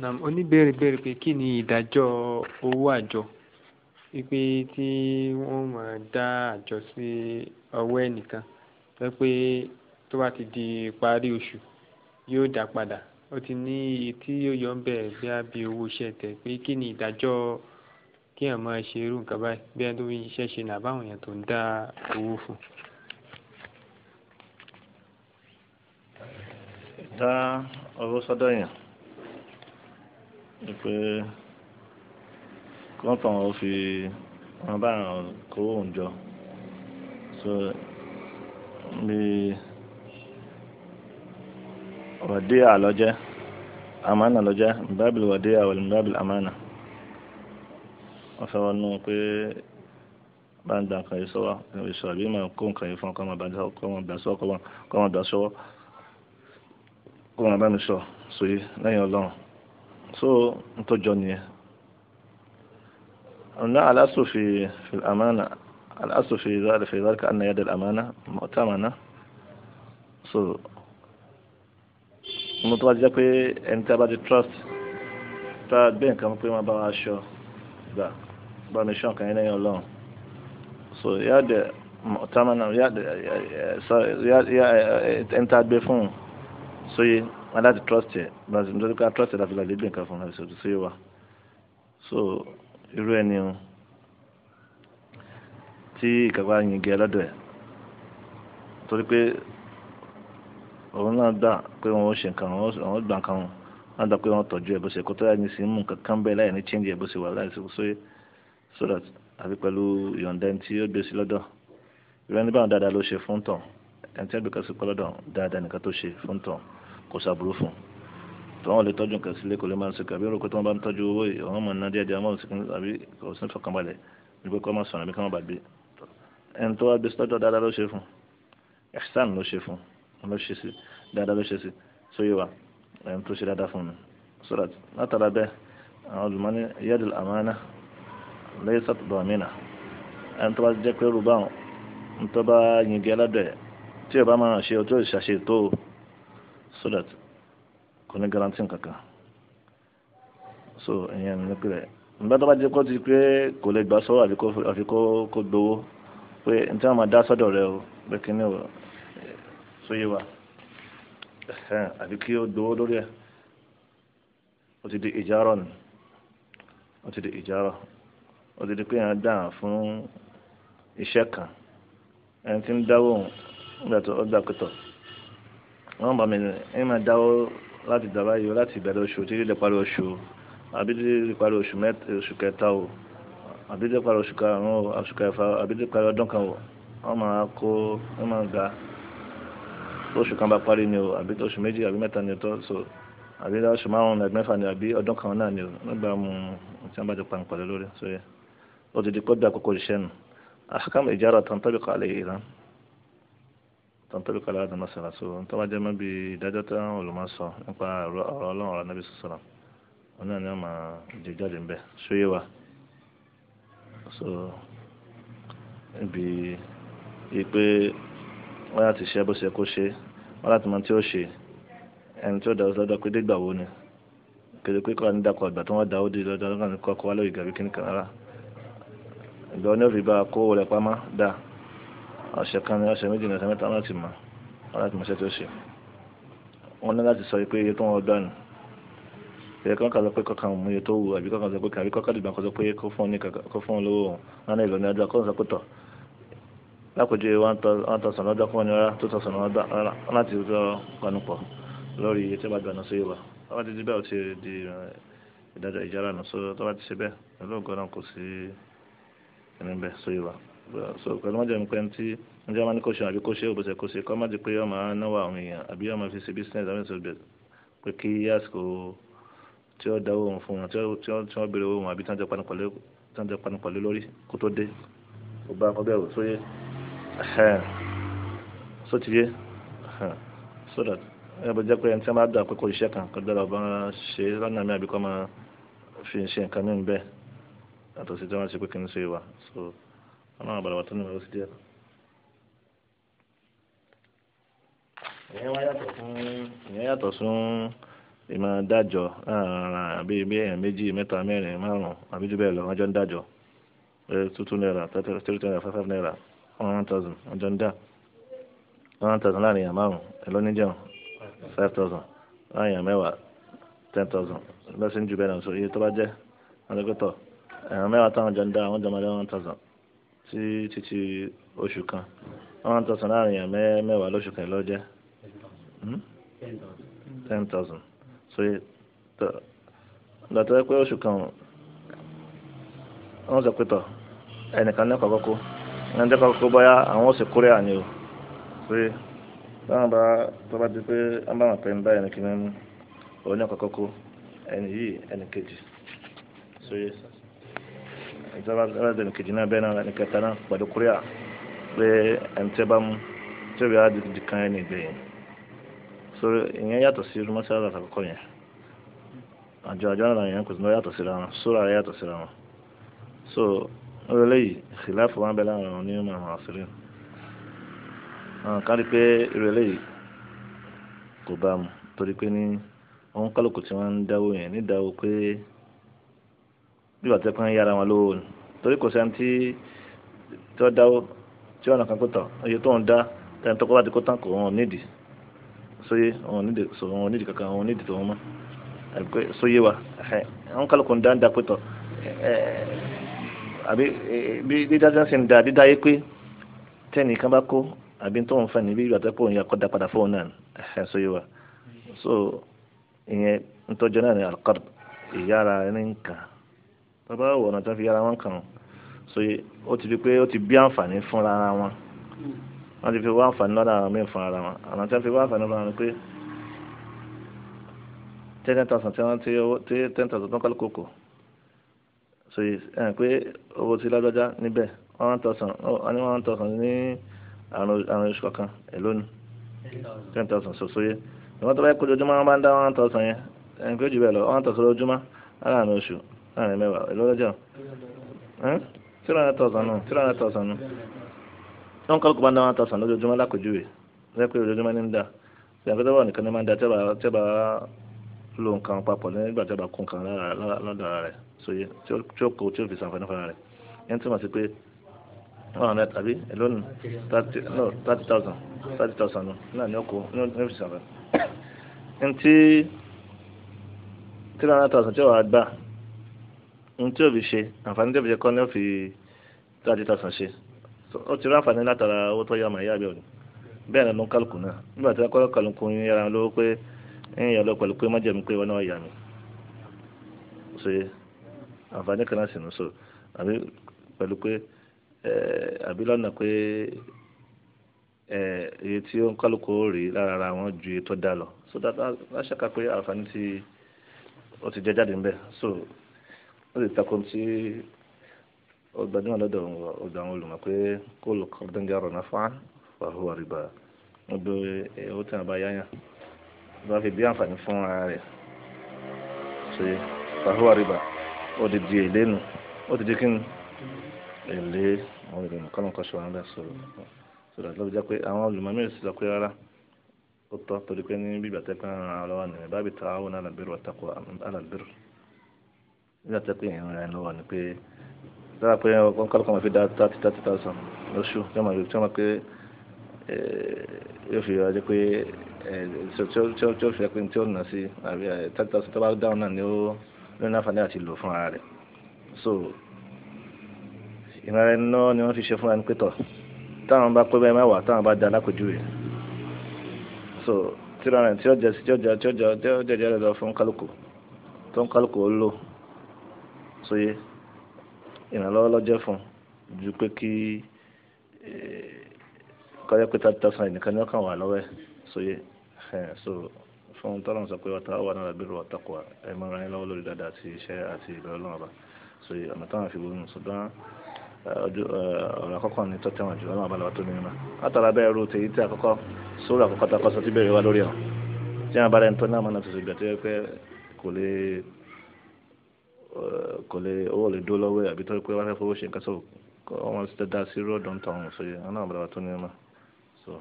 nam oníbèrè béèrè pé kí ni ìdájọ́ owó àjọ wípé tí wọ́n máa dá àjọ sí ọwọ́ ẹnìkan pé pé tó bá ti di ìparí oṣù yóò dá padà ó ti ní iye tí yóò yọ ń bẹ̀ a bí owó iṣẹ́ tẹ̀ pé kí ni ìdájọ́ kí èèyàn ṣe irú nǹkan báyìí bí ẹni tó ń ṣiṣẹ́ ṣe ní àbáwọn èèyàn tó ń dá owó fún. dá owó sọ́dọ̀ yẹn pé kọ́ńtàn ò fi wọn bá àwọn kówó òǹjọ so bí wàdí àlọ́jẹ́ àmánà lọ́jẹ́ bábìlì wàdí àwọn bábìlì àmánà wọ́n fẹ́ wọnú pé bá ń da nǹkan yìí sọ́wọ́ ìṣòro àbí máa kó nǹkan yìí fún ọkọ máa gbà sọ́wọ́ kọ́ máa gbà sọ́wọ́ kó máa bá mi sọ sóyè lẹ́yìn ọlọ́run so ntọjọ nìyẹn ọ̀nà alásòfì fìlámánà alásòfì fìlámánà àná yàdà àmánà mọ̀tàmánà so mo tó wá jẹ́ pé ẹni tí a bá ti trust tá a gbé nǹkan pé wọ́n bá wa aṣọ gbà bá mi ṣọ́ nǹkan yẹn lẹ́yìn ọlọ́run so yàdà mọ̀tàmánà yàdà ẹni tá a gbé fún un sóye. So, wọn láti trust ẹ bàtí nítorí ká trust ẹ láti lọ lè gbé nǹkan fún wọn àbísọ̀tún wa so irú ẹni o tí ìkàwá yin gẹ lọ́dọ̀ ẹ̀ torí pé òun náà gbà pé wọn ó ṣe nǹkan àwọn gbà nǹkan wọn wọn dà pé wọn tọ́jú ẹ̀ bó ṣe kó tó láì ní sí mú nǹkan kan bẹ́ẹ̀ láì ní change ẹ̀ bó ṣe wà láì sí so so that àbí pẹ̀lú ìyọ̀ǹda ẹni tí ó gbé sí lọ́dọ̀ irú ẹni báwọn dáadáa ló ṣe fún tàn ẹni tí ó gbé kan sí pẹ́ lọ́dọ̀ dáadáa nìkan tó ṣe fún tàn kò sàbúrú fún un tọ́wọ́n lè tọ́jú nǹkan sílé kò lè máa ń sèkà bí orúkọ tí wọ́n bá ń tọ́jú owó yìí àwọn ọmọ náà díẹ̀ díẹ̀ àwọn òsìkún àbí kò sí fọkànbalẹ̀ ní pé kọ́ máa sọ̀rọ̀ àbí kọ́ máa bàgbé ẹni tó wá gbé sọ́jọ́ dáadáa ló ṣe fún ẹ̀sán ló ṣe fún ló ṣe sí dáadáa ló ṣe sí sóyè wa ẹni tó ṣe dáadáa fún mi sọ́dà látara bẹ́ẹ̀ àwọn olùmọ́ni yẹ́dùn àmánà lẹ́yìn sátọ̀dọ̀ àmínà ẹni tó bá jẹ́ pé rúbáwọn ń tó bá so that kò ní garanti kankan so ìyẹn ní pé nígbà bá jẹ́ kó ti pé kò lè gbà àfi kó gbowó pé n tí máa dá rẹ o pé kí ni o so yé wa àfi kí o gbowó lórí o ti di ìjárọ̀ ni o ti di ìjárọ̀ o ti di pé yẹn dáhà fún iṣẹ́ kan wọ́n bá mi ẹni máa dáwọ́ láti dàbá yìí láti ìbẹ̀rẹ̀ oṣù títí lè parí oṣù àbí títí lè parí oṣù kẹta o àbí títí lè parí oṣù karùn-ún o oṣù kẹfà àbí títí lè parí ọdún kan o wọ́n máa kó wọ́n máa ga oṣù kan bá parí ni o àbí oṣù méjì àbí mẹ́ta ni o tó so àbí oṣù márùn-ún àbí mẹ́fà ni àbí ọdún kan náà ni o nígbà mu tí wọ́n bá ti pàǹpàlẹ́ lórí so o ti di pé ó dà kókó ìṣẹ́ nù àkàkà ìjára tán tọ́jú kọ́ àlẹ́ yìí rán tọ́ntọ́bí kala láti máa so tó bá jẹ́ mọ́ bí ìdájọ́ tó ń olùmọ̀ sọ nípa ọ̀rọ̀ ọlọ́run ọ̀rọ̀ nàbí sọ̀rọ̀ wọn náà ni wọ́n máa jẹ jáde ń bẹ̀ ṣóyé wa so ibi ipe wọ́n láti ṣe bó ṣe kó ṣe wọ́n láti mọ tí ó ṣe ẹni tí ó dá lọ́dọ̀ pé dégbà wo ni kéde pé kọ́ ni dàpọ̀ ìgbà tó wọ́n dá di lọ́dọ̀ lọ́kàn kọ́kọ́ wá lórí ìgbà bí kíníkan rárá ọ̀sẹ̀ kan ní ọ̀sẹ̀ méjì ní ọ̀sẹ̀ mẹ́ta láti mọ̀ láti mọ̀ ṣe tó ṣe wọ́n ní láti sọ pé iye tó wọn gbà nù ìyẹn kọ́ńkà sọ pé kọ́kà mú iye tó wù àbí kọ́kà sọ pé kàbí kọ́kà dìgbà kan sọ pé kó fún ní kó fún lówó nánà ìlọ ní ọjọ́ kọ́ńsọ pé tọ̀ lápòjú one thousand lọ́jọ́ kọ́ńsọ ní ọ̀rá two thousand láti rọ panupọ̀ lórí iye tí wọ́n gbà náà sí ìwà wọ́n bá ti di bẹ́ẹ̀ ó so pẹ̀lú mọ́jọ́ mi pẹ́ẹ́n tí ǹjẹ́ wọn ní kò ṣe àbí kò ṣe òbòsẹ̀ kò ṣe kọ́ má di pé ọmọ náwó àwọn èèyàn àbí ọmọ fi ṣe business àbí ṣe bẹ̀rẹ̀ pé kí àsìkò tí ó dáwọ́ òun fún wọn tí wọ́n béèrè òun àbí tí wọ́n jọ panu pẹ̀lú lórí kó tó dé ó bá kọ́ bẹ́ẹ̀ wò sóyè so ti yé so that ẹ bọ jẹ́ pé ẹni tí wọ́n bá dà pé kò iṣẹ́ kan kó dára ọba ṣe lọ́nà mi àbí kọ́ máa fi ṣe nǹkan mí bẹ́ẹ̀ àtọ̀sí tí wọ́n so ọlọ́run àbàlà wàtún nínú ọ̀sẹ̀ díẹ̀. ìyẹn wá yàtọ̀ fún ìyẹn yàtọ̀ fún ìmọ̀ dájọ́ àbí bí èèyàn méjì mẹ́ta mẹ́rin márùn-ún àbí jù bẹ́ẹ̀ lọ wọ́n jọ ń dájọ́ tuntun naira three naira five five naira one thousand wọ́n jọ ń dá one thousand láàrin èèyàn márùn-ún ẹ̀ lónìí jẹun five thousand láàrin èèyàn mẹ́wàá ten thousand lọ́sìn jù bẹ́ẹ̀ lọ sọ iye tó bá jẹ́ wọn èèyàn mẹ́wàá táwọn jọ ń dá àwọn jọ máa dá one thousand sí títí oṣù kan wọ́n tọ̀sán láàrin yàn mẹ́wàá lóṣù kan lọ́jẹ́ hmm? ten thousand so lọ́tọ́ pé oṣù kan wọ́n sọ pé tọ̀ ẹnìkan lẹ́kọ̀ọ́ kọ́kọ́ ẹnìkan lẹ́kọ̀ọ́ kọ́kọ́ bóyá àwọn ó sì kúrẹ́ àní o pé báwọn bá tó bá di pé wọ́n bá wọn pè ń bá ẹnì kìíní mú òun ní ọkọ̀ kọ́kọ́ ẹnì yìí ẹnì kejì so yẹ sọ ìtàbádẹ́nì kejì náà bẹ́ẹ̀ náà ẹnìkẹta náà pẹ̀lú kúrẹ́à pé ẹ̀ǹtẹ́bámu tẹ́bi á di kan ẹni so ìyẹn yàtọ̀ sí mọ́sálà àkọ́kọ́ yẹn àjọ àjọ náà yẹn kò sí yàtọ̀ síra wọn sóra rẹ̀ yàtọ̀ síra wọn so orílẹ̀ yìí ìṣìláfù wọn bẹ̀rẹ̀ àwọn onímọ̀ àwọn àṣírí àwọn kan rí pé ìrẹ̀lẹ̀ yìí kò bá mu torí pé ní òun kálukú tí wọ́n ń dáwó yẹn ní dáwó pé nígbà tó pín yára wọn lówó ni torí kò sẹ́ni tí tó dáwó tí ọ̀nà kan pẹ̀tọ̀ iye tó ń dá tẹ́ni tó kọ́ láti kó tán kò wọn nídìí sóyè wọn nídìí sọ wọn nídìí kankan wọn nídìí tó mọ́ àbíkó wa ẹ̀ àwọn kálukú ń dá ń dá pẹ̀tọ̀ ẹ̀ àbí bí dídá ti ń sin dá dídá yé pé tẹ́ni kan bá kó àbí tó ń fẹ́ bí bàbá ọ̀nà tó fi yára wọn kàn so ó ti di pé ó ti bí àǹfààní fúnra ara wọn wọ́n ti fi wá àǹfààní lọ́dọ̀ àwọn míì fúnra ara wọn àwọn tó fi wá àǹfààní lọ́dọ̀ àwọn pé ten thousand tí wọ́n ten thousand tó ń kọ́lé kòkò so ẹ̀ pé owó ti lágbájá níbẹ̀ one thousand ní one thousand ní àrùn oṣù kọ̀ọ̀kan ẹ̀ lónìí ten thousand so yẹ ìwọ́n tó bá yẹ kó ojoojúmọ́ wọn bá ń dá one thousand yẹn ẹ̀ pé jù bẹ́ẹ̀ lọ one thousand lójúmọ́ láàárín oṣù láàrin mẹ́wàá ìlọ́lọ́jà three hundred thousand náà three hundred thousand náà wọn kọ́ kọ́ba náà one thousand lójoojúmọ́ lákòjúwe lẹ́yìn pé ojoojúmọ́ ní ń dà ìyàgbẹ́tẹ́ wà nìkan ní máa ń dà tẹ́bà lo nǹkan papọ̀ nígbà tẹ́bà kó nǹkan lọ́dọ̀ rẹ̀ sóye tí ó kó tí ó fi sàǹfààní fara rẹ̀ yẹn túmọ̀ sí pé one hundred àbí ìlónìí thirty thousand thirty thousand náà ní ó kó ní ó fi sàǹfààní. ntí three hundred thousand tí ó wà á gbà ohun tí òbí ṣe àǹfààní tí òbí ṣe kọ́ ni ó fi tó àti tọ̀sán ṣe ó ti rí àǹfààní látara owó tó yá ọmọ ìyá àbẹ̀ òní bẹ́ẹ̀ ló ń kálukú náà nígbà tí wọ́n kọ́ kálukú yín yára lówó pé ń yàn lọ pẹ̀lú pé májèmí pé wọn náà yà mí ṣe àǹfààní kan náà sì ń sọ àbí pẹ̀lú pé àbí lọ́nà pé iye tí ó ń kálukú rí lára ara wọn ju iye tó dá lọ so dáadáa láṣẹ́ka pé àǹfààní tí ó ti jẹ́ jáde ń so ó sì takò tí ọgbàdúrà o ọ̀dọ̀ àwọn olùmọ̀ pé kó lọ kọ́ dẹ́ngà rọ̀ náà fáá fàhùwà rìbá wọn bẹ owó tí wọn bá yáyàn wọn fi bí àǹfààní fún ara rẹ̀ ṣe fàhùwà rìbá ó ti di èlé nu ó ti di kí ni èlé àwọn ìròyìn kọ́nà kan ṣe wọn bẹ́ẹ̀ sọ̀rọ̀ sọ̀rọ̀ lọ́bi jẹ́ pé àwọn olùmọ̀ mí sì sọ pé rárá ó tọ́ torí pé ní bíbí àtẹ́kùn ara wa nìyẹn bábí ta àwọn alàbẹ̀rù àtàkùn alàbẹ̀rù nígbà tó pé ìrìn rẹ̀ lọ́wọ́ ni pé dára pé wọ́n kọ́ lọ́kọ́ máa fi dá thirty thirty thousand lóṣù tí wọ́n máa fi tí wọ́n máa pé eh, yóò fi ọjọ́ pé eh, tí ó fi ẹpin tí ó nà sí àbí eh, thirty thousand tó bá dáhùn náà ni ó lóyún láǹfààní àti lò fún ara rẹ̀ so ìrìn rẹ̀ náà ni wọ́n fi ṣe fúnra ní pé tọ̀ táwọn bá pé bẹ́ẹ̀ mẹ́wàá táwọn bá da alákòjúwe so tí ó rẹ̀ tí ó jẹ́ tí ó jẹ́ tí ó jẹ́ tí ó jẹ́ lọ fún kálukú tó ń kálukú ó lò sóyè ìrànlọ́wọ́ lọ́jọ́ fún ju pé kí eh, kọ́jọ́ pé thirty thousand nìkan ní ọkàn wà lọ́wọ́ ẹ̀ sóyè eh, so fún tọ́lọ́n sọ pé wọ́n ta wà náà lábẹ́rẹ́ wọ́n takọ̀ ẹ̀ máa ra ẹ̀ lọ́wọ́ lórí dáadáa àti iṣẹ́ àti ìbẹ̀rẹ̀ ọlọ́run ọba sóyè ọ̀nà táwọn fi wọnú ṣùgbọ́n eh, ọ̀rọ̀ àkọ́kọ́ ni tọ́tẹ́ wọn jù lọ́nà àbálẹ̀ wa tó nínú náà látara bẹ́ẹ̀ ru tèyí tí àkọ́kọ́ sóòrò àkọ́kọ́ tá a tí bẹ̀rẹ̀ wa lórí ọ̀ tí wọn bá rẹ̀ ń tọ́ náà mọ́ náà tó ṣe gbà pé kò lè Eh, kò lè owó lè dó lọ́wọ́ àbí tó pé wọ́n fẹ́ fowó ṣe nǹkan sọ̀rọ̀ kọ́ wọn ti dá sí rọ́ọ̀dù ń tọ̀hún sóye àwọn náà bàbá tó ní ẹ̀ náà so.